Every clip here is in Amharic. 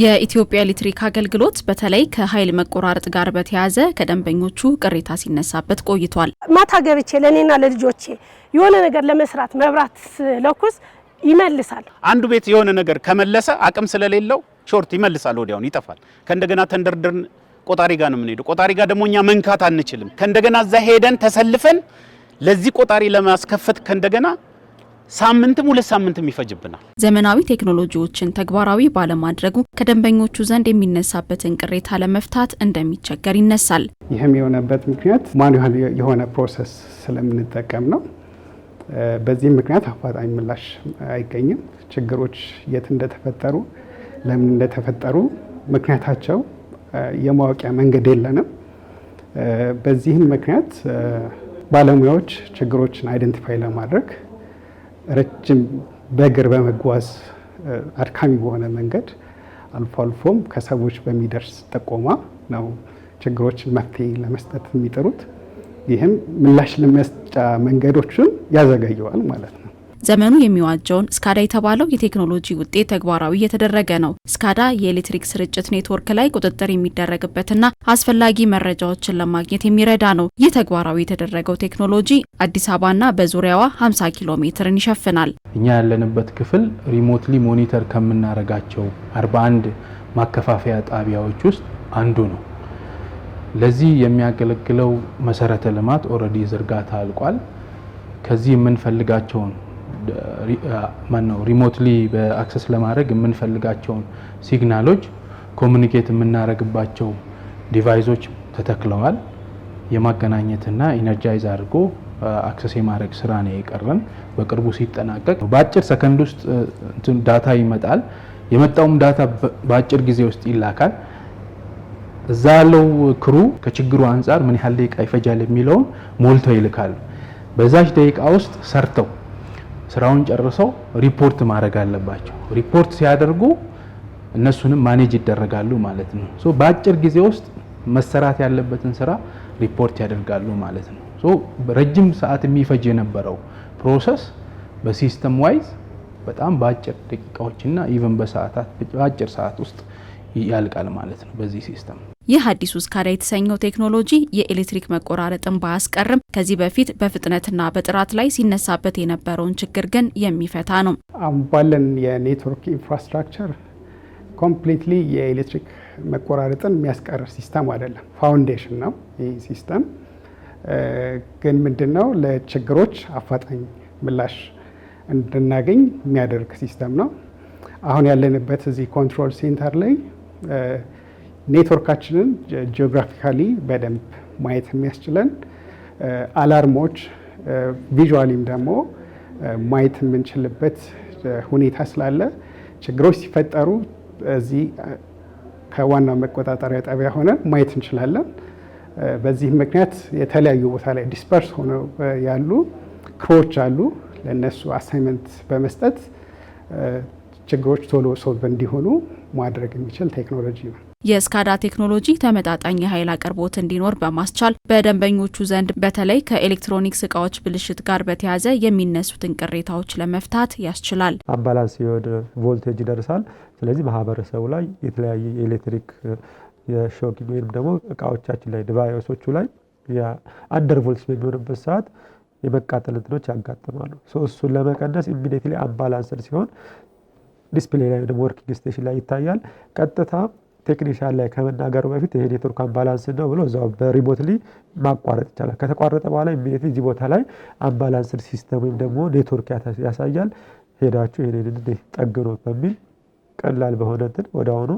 የኢትዮጵያ ኤሌክትሪክ አገልግሎት በተለይ ከኃይል መቆራረጥ ጋር በተያያዘ ከደንበኞቹ ቅሬታ ሲነሳበት ቆይቷል። ማታ ገብቼ ለእኔና ለልጆቼ የሆነ ነገር ለመስራት መብራት ለኩስ ይመልሳል። አንዱ ቤት የሆነ ነገር ከመለሰ አቅም ስለሌለው ሾርት ይመልሳል፣ ወዲያውን ይጠፋል። ከእንደገና ተንደርድርን ቆጣሪ ጋር ነው የምንሄደው። ቆጣሪ ጋር ደግሞ እኛ መንካት አንችልም። ከእንደገና እዛ ሄደን ተሰልፈን ለዚህ ቆጣሪ ለማስከፈት ከእንደገና ሳምንትም ሁለት ሳምንትም ይፈጅብናል። ዘመናዊ ቴክኖሎጂዎችን ተግባራዊ ባለማድረጉ ከደንበኞቹ ዘንድ የሚነሳበትን ቅሬታ ለመፍታት እንደሚቸገር ይነሳል። ይህም የሆነበት ምክንያት ማኑዋል የሆነ ፕሮሰስ ስለምንጠቀም ነው። በዚህም ምክንያት አፋጣኝ ምላሽ አይገኝም። ችግሮች የት እንደተፈጠሩ፣ ለምን እንደተፈጠሩ ምክንያታቸው የማወቂያ መንገድ የለንም። በዚህም ምክንያት ባለሙያዎች ችግሮችን አይደንቲፋይ ለማድረግ ረጅም በእግር በመጓዝ አድካሚ በሆነ መንገድ አልፎ አልፎም ከሰዎች በሚደርስ ጠቆማ ነው ችግሮችን መፍትሄ ለመስጠት የሚጥሩት። ይህም ምላሽ ለመስጫ መንገዶችን ያዘገየዋል ማለት ነው። ዘመኑ የሚዋጀውን ስካዳ የተባለው የቴክኖሎጂ ውጤት ተግባራዊ እየተደረገ ነው። ስካዳ የኤሌክትሪክ ስርጭት ኔትወርክ ላይ ቁጥጥር የሚደረግበትና አስፈላጊ መረጃዎችን ለማግኘት የሚረዳ ነው። ይህ ተግባራዊ የተደረገው ቴክኖሎጂ አዲስ አበባና በዙሪያዋ 50 ኪሎ ሜትርን ይሸፍናል። እኛ ያለንበት ክፍል ሪሞትሊ ሞኒተር ከምናደርጋቸው 41 ማከፋፈያ ጣቢያዎች ውስጥ አንዱ ነው። ለዚህ የሚያገለግለው መሰረተ ልማት ኦልሬዲ ዝርጋታ አልቋል። ከዚህ የምንፈልጋቸውን ማነው ሪሞትሊ በአክሰስ ለማድረግ የምንፈልጋቸውን ሲግናሎች ኮሚኒኬት የምናደርግባቸው ዲቫይሶች ተተክለዋል። የማገናኘትና ኢነርጃይዝ አድርጎ አክሰስ የማድረግ ስራ ነው የቀረን። በቅርቡ ሲጠናቀቅ በአጭር ሰከንድ ውስጥ ዳታ ይመጣል። የመጣውም ዳታ በአጭር ጊዜ ውስጥ ይላካል። እዛ ያለው ክሩ ከችግሩ አንጻር ምን ያህል ደቂቃ ይፈጃል የሚለውን ሞልተው ይልካሉ። በዛች ደቂቃ ውስጥ ሰርተው ስራውን ጨርሰው ሪፖርት ማድረግ አለባቸው። ሪፖርት ሲያደርጉ እነሱንም ማኔጅ ይደረጋሉ ማለት ነው። ሶ በአጭር ጊዜ ውስጥ መሰራት ያለበትን ስራ ሪፖርት ያደርጋሉ ማለት ነው። ሶ ረጅም ሰዓት የሚፈጅ የነበረው ፕሮሰስ በሲስተም ዋይዝ በጣም በአጭር ደቂቃዎችና ኢቨን በሰዓታት በአጭር ሰዓት ውስጥ ያልቃል ማለት ነው በዚህ ሲስተም። ይህ አዲሱ እስካዳ የተሰኘው ቴክኖሎጂ የኤሌክትሪክ መቆራረጥን ባያስቀርም ከዚህ በፊት በፍጥነትና በጥራት ላይ ሲነሳበት የነበረውን ችግር ግን የሚፈታ ነው። አሁን ባለን የኔትወርክ ኢንፍራስትራክቸር ኮምፕሊትሊ የኤሌክትሪክ መቆራረጥን የሚያስቀር ሲስተም አይደለም፣ ፋውንዴሽን ነው ይህ ሲስተም። ግን ምንድነው ለችግሮች አፋጣኝ ምላሽ እንድናገኝ የሚያደርግ ሲስተም ነው። አሁን ያለንበት እዚህ ኮንትሮል ሴንተር ላይ ኔትወርካችንን ጂኦግራፊካሊ በደንብ ማየት የሚያስችለን አላርሞች ቪዥዋሊም ደግሞ ማየት የምንችልበት ሁኔታ ስላለ ችግሮች ሲፈጠሩ እዚህ ከዋናው መቆጣጠሪያ ጣቢያ ሆነን ማየት እንችላለን። በዚህም ምክንያት የተለያዩ ቦታ ላይ ዲስፐርስ ሆነው ያሉ ክሮዎች አሉ። ለእነሱ አሳይመንት በመስጠት ችግሮች ቶሎ ሶልቭ እንዲሆኑ ማድረግ የሚችል ቴክኖሎጂ ነው። የስካዳ ቴክኖሎጂ ተመጣጣኝ የኃይል አቅርቦት እንዲኖር በማስቻል በደንበኞቹ ዘንድ በተለይ ከኤሌክትሮኒክስ እቃዎች ብልሽት ጋር በተያያዘ የሚነሱትን ቅሬታዎች ለመፍታት ያስችላል። አባላንስ ሲሆን ቮልቴጅ ይደርሳል። ስለዚህ ማህበረሰቡ ላይ የተለያየ የኤሌክትሪክ የሾክ ወይም ደግሞ እቃዎቻችን ላይ ዲቫይሶቹ ላይ የአንደር ቮልት በሚሆንበት ሰዓት የመቃጠል እንትኖች ያጋጥማሉ። እሱን ለመቀነስ ኢሚዲየትሊ አምባላንስን ሲሆን ዲስፕሌይ ላይ ደግሞ ወርኪንግ ስቴሽን ላይ ይታያል። ቀጥታ ቴክኒሻን ላይ ከመናገሩ በፊት ይሄ ኔትወርክ አምባላንስ ነው ብሎ እዛው በሪሞትሊ ማቋረጥ ይቻላል። ከተቋረጠ በኋላ ኢሚዲየትሊ እዚህ ቦታ ላይ አምባላንስን ሲስተም ወይም ደግሞ ኔትወርክ ያሳያል። ሄዳችሁ ይሄንን ጠግኖ በሚል ቀላል በሆነ እንትን ወደ አሁኑ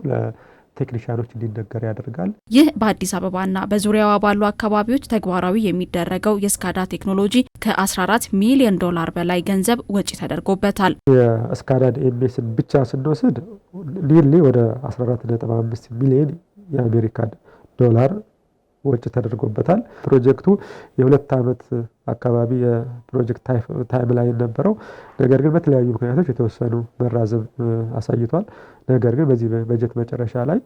ቴክኒሽያኖች እንዲነገር ያደርጋል። ይህ በአዲስ አበባና በዙሪያዋ ባሉ አካባቢዎች ተግባራዊ የሚደረገው የስካዳ ቴክኖሎጂ ከ14 ሚሊዮን ዶላር በላይ ገንዘብ ወጪ ተደርጎበታል። የስካዳ ኤምኤስን ብቻ ስንወስድ ኒርሊ ወደ 14.5 ሚሊዮን የአሜሪካን ዶላር ወጪ ተደርጎበታል። ፕሮጀክቱ የሁለት ዓመት አካባቢ የፕሮጀክት ታይም ላይ ነበረው። ነገር ግን በተለያዩ ምክንያቶች የተወሰኑ መራዘም አሳይቷል። ነገር ግን በዚህ በጀት መጨረሻ ላይ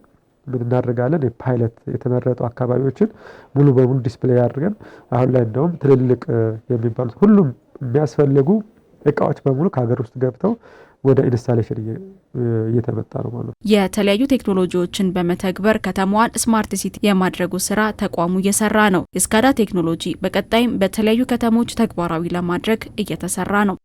ምን እናደርጋለን? የፓይለት የተመረጡ አካባቢዎችን ሙሉ በሙሉ ዲስፕሌይ አድርገን አሁን ላይ እንደውም ትልልቅ የሚባሉት ሁሉም የሚያስፈልጉ እቃዎች በሙሉ ከሀገር ውስጥ ገብተው ወደ ኢንስታሌሽን እየተመጣ ነው ማለት ነው። የተለያዩ ቴክኖሎጂዎችን በመተግበር ከተማዋን ስማርት ሲቲ የማድረጉ ስራ ተቋሙ እየሰራ ነው። የስካዳ ቴክኖሎጂ በቀጣይም በተለያዩ ከተሞች ተግባራዊ ለማድረግ እየተሰራ ነው።